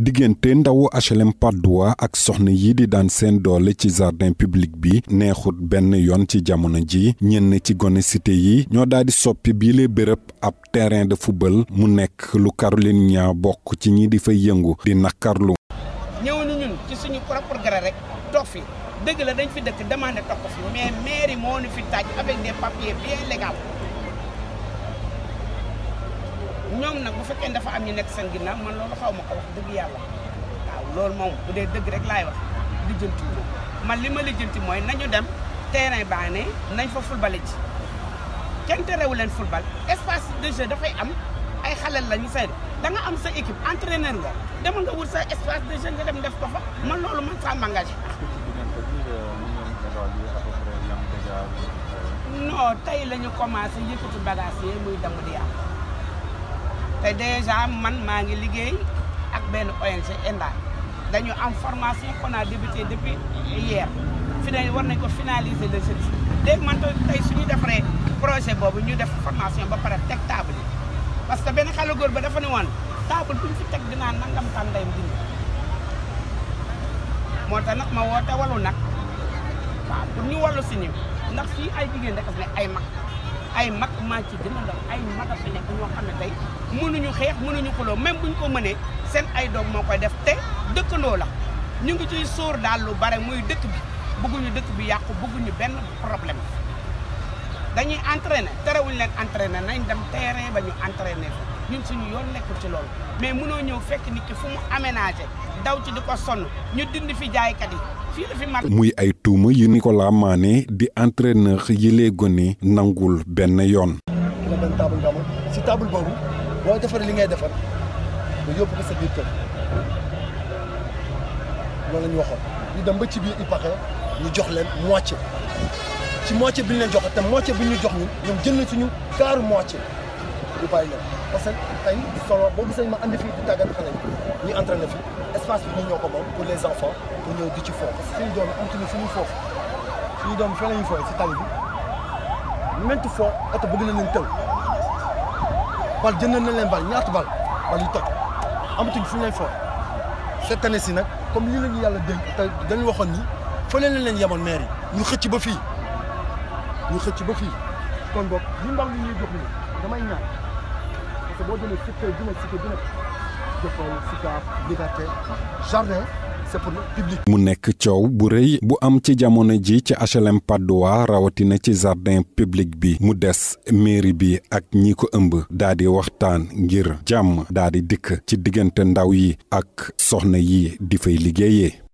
diggante ndawu HLM Patte ak soxna yi di daan seen doole ci jardin piblik bi neexut benn yoon ci jamono ji ñenn ci gone cité yi ñoo daal soppi bii lee bërëb ab terrain de football mu nekk lu Caroline ñaa bokk ci ñi di fay yëngu di naqarlu ñëw ni ñun ci suñu propre rek toog fi dëgg la dañ fi dëkk demandé toog fi mais mairie moo ñu fi taaj avec des papiers bien légaux ñoom nag bu fekkee dafa am ñu nekk seen ginnaaw man loolu xaw ma ko wax dëgg yàlla waaw loolu moom bu dee dëgg rek laay wax lijjanti moom man li ma lijjanti mooy nañu dem terrain baa ne nañ fa fulbale ji kenn terewu leen fulbal espace de jeu dafay am ay xalel la ñu say da am sa équipe entraîneur nga demal nga wut sa espace de jeu nga dem def ko fa man loolu man ça m'engage euh, euh, non tey la ñu commencé yëkkati bagage yi muy dem di yàqu te déjà man maa ngi liggéey ak benn ONG ENDA dañu am formation qu'on a débuté depuis hier fi ne war nañ ko finaliser le jeudi léegi man tey suñu defaree projet boobu ñu def formation ba pare teg table yi parce que benn xale góor ba dafa ne woon table bu ñu teg dinaa nangam tàndayam dindi moo tax nag ma woote walu nag waaw pour ñu si ñu ndax si ay jigéen rek ne ay mag ay mag maa ci gën a ay mag a fi nekk tey mënuñu xeex mënuñu xuloo bu buñ ko mënee seen ay doom moo koy def te dëkkandoo la ñu ngi ciy sóor daal lu bare muy dëkk bi bëgguñu dëkk bi yàqu bëgguñu benn problème dañuy entraîner terewuñ leen entraîner nañ dem terrain ba ñu entraîner fa suñu yoon nekkul ci loolu mais mënoo ñëw fekk nit ki fu mu aménagé daw ci di ko sonn ñu dindi fi jaaykat yi fii fi mar muy ay tuuma yu Nicolas Mané di entraîneur yi lee gone nangul benn yoon dina benn table nga si table boobu boo defaree li ngay defar nga yóbbu ko sa biir kër loolu la ñu waxoon. ñu dem ba ci biir IPACA ñu jox leen mu moitié ci moitié bi ñu leen jox te moitié bi ñu jox ñun ñoom jël nañ suñu quart moitié ñu bàyyi leen parce que tey solo boo gisee ma andi fii di tàggat xale yi ñuy entraîné fi espace bi ñu ñoo ko moom pour les enfants pour ñëw di ci foofu. suñu doom amatuñu suñu foofu suñu doom fii la ñuy foofu si tali maintes fois oto bëgg na leen taw bal jënd na leen bal ñaat bal bal yu toj amatuñ fu ñu leen foofu cette année nag comme li la ñu yàlla dénk te dañu waxoon ni fële leen leen yemoon maire yi ñu xëcc ba fii ñu xëcc ba fii kon boog li ndaw li ñuy jox nii damay ñaan parce boo jëlee secteur bi nekk secteur bi nekk jëfal Sicap Jardin mu nekk coow bu rëy bu am ci jamono ji ci HLM Patte rawatina ci jardin public bi mu des mairie bi ak ñi ko ëmb daa waxtaan ngir jàmm daa di dikk ci diggante ndaw yi ak soxna yi di fay liggéeyee.